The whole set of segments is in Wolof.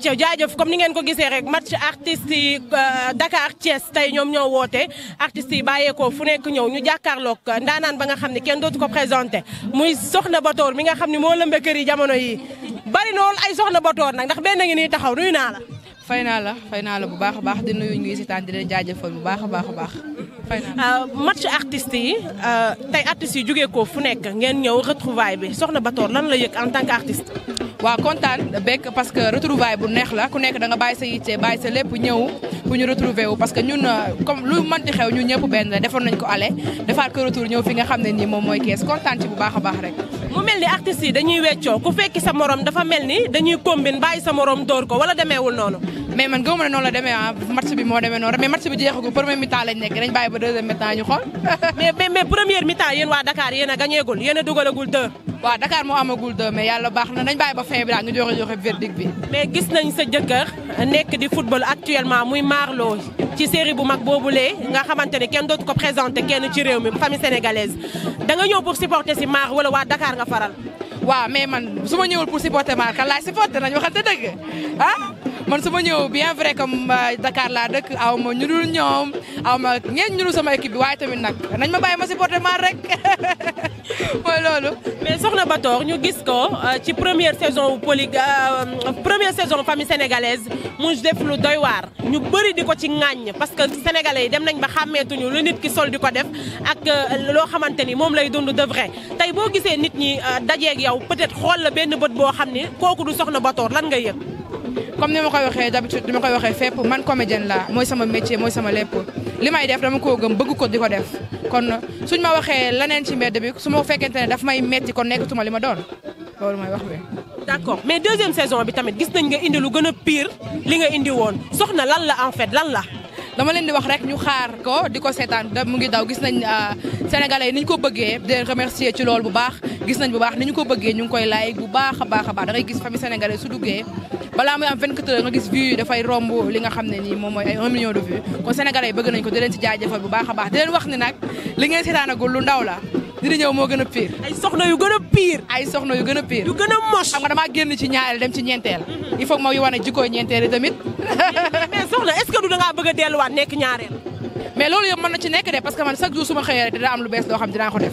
ayca jaajëf comme ni ngeen ko gisee rek match artistes yi euh, Dakar Thiès tey ñoom ñoo woote artistes yi bàyyeekoo fu nekk ñëw ñu jàkkaarloog ndaanaan ba nga xam ne kenn dootu ko présenté muy soxna Batoor mi nga xam ni moo lëmbe kër yi jamono yi bari na ay soxna Batoor nag ndax benn ngi nii taxaw nuyu naa la. fay naa la fay naa la bu baax a baax di nuyu ñuy seetaan di leen jaajëfal bu baax a baax a baax. fay naa euh, match artistes yi euh, tey artistes yi jugee ko fu nekk ngeen ñëw retrouvaille bi soxna Batoor lan la yëg en tant qu'artiste. waaw kontaan bekk parce que retrouvaille bu neex la ku nekk danga bàyyi sa yitte bàyyi sa lépp ñëw pour ñu retrouver wu que ñun euh, comme lu mënti xew ñu ñëpp benn la defoon nañ ko aller defaat ko retour ñëw fi nga xam ne nii moom mooy kees kontaan ci bu baax a baax rek mu mel ni artistes yi dañuy weccoo ku fekki sa morom dafa mel ni dañuy combine bàyyi sa morom dóor ko wala demeewul noonu mais man gëmuma noonu la demee ah match bi moo demee noonu mais match bi jeexagul premier mi-temps lañ nekk dañ bàyyi ba deuxième mi-temps ñu xool mais mais première mi-temps yéen waa Dakar yéen a gañeegul yéen a dugalagul deux waaw Dakar moo amagul deux mais yàlla baax na dañ bàyyi ba fin bi daal ñu joxe joxe verdict bi mais gis nañ sa jëkkër nekk di football actuellement muy Marlo ci série bu mag boobulee nga xamante ne kenn dootu ko présenté kenn ci réew mi famille sénégalaise da nga ñëw pour supporter si maar wala waa Dakar nga faral. waaw mais man su ma ñëwul pour supporter maar kan laay supporter nañu waxante dëgg ah. man su ma ñëw bien vrai que Dakar laa dëkk aw ma ñu dul ñoom aw ma ñeent ñu dul sama équipe bi waaye tamit nag nañ ma bàyyi ma supporté man rek mooy loolu. mais Soxna Bator ñu gis ko euh, ci première saison poli euh, première saison famille sénégalaise mu def lu doy ñu bëri di ko ci ŋàññ parce que sénégalais yi dem nañ ba xàmmeetuñu lu nit ki sol di ko def ak euh, loo xamante ni moom lay dund de vrai tey boo gisee nit ñi dajeeg yow peut-être xool la benn bët boo xam ni kooku du Soxna Bator lan nga yëg. comme ni ma koy waxee d'habitude ni ma koy waxee fépp man comédienne la mooy sama métier mooy sama lépp li may def dama koo gëm bëgg ko di ko def kon suñ ma waxee leneen ci mbedd bi su ma fekkente ne daf may metti kon nekkatuma li ma doon loolu mooy wax bi. d'accord mais deuxième saison bi tamit gis nañ nga indi lu gën a pire li nga indi woon soxna lan la en fait lan la. dama leen di wax rek ñu xaar ko di ko seetaan da mu ngi daw gis nañ ah, sénégalais yi ni ñu ko bëggee di leen ci loolu bu baax gis nañ bu baax ni ñu ko bëggee ñu ngi koy laay bu baax a baax a baax da gis famille sénégalais su duggee balaa muy am 24 heures nga gis vue dafay romb li nga xam ne nii moom mooy ay 1 million de vues kon sénégalais yi bëgg nañ ko di leen ci jaajëfal bu baax a baax di leen wax ni nag li ngeen seetaanagul lu ndaw la di di ñëw moo gën a pire. ay soxna yu gën a pire. ay soxna yu gën a pire. yu gën a moche. xam nga damaa génn ci ñaareel dem ci ñeenteel. il faut que ma wane jikkooy ñeenteel yi tamit. mais soxna est-ce que du dangaa bëgg a delluwaat nekk ñaareel. mais loolu yëpp mën na ci nekk de parce man chaque jour su ma xëyee lu bees loo xam dinaa ko def.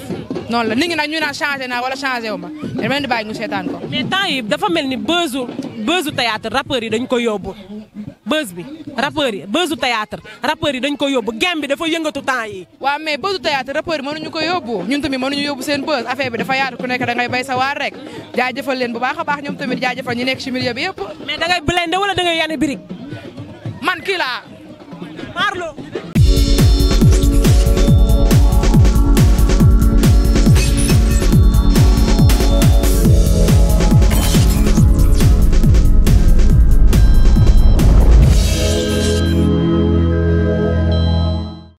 la nit ñi ñu naan changé naa wala changé wu ma dama leen di bàyyi ñu seetaan ko. mais temps yi dafa mel ni buzzu buzzu théâtre rappeurs yi dañ ko yóbbu bës bi rappeurs yi bësu théâtre rappeurs yi dañ ko yóbbu gem bi dafa yëngatu temps yi waaw mais bësu théâtre rappeurs yi mënuñu ko yóbbu ñun tamit mënuñu yóbbu seen bës affaire bi dafa yaatu ku nekk da ngay bay sa rek jaajëfal leen bu baax a baax ñoom tamit jaajëfal ñi nekk ci milieu bi yëpp mais da ngay blende wala da ngay birig man kii laa Marlo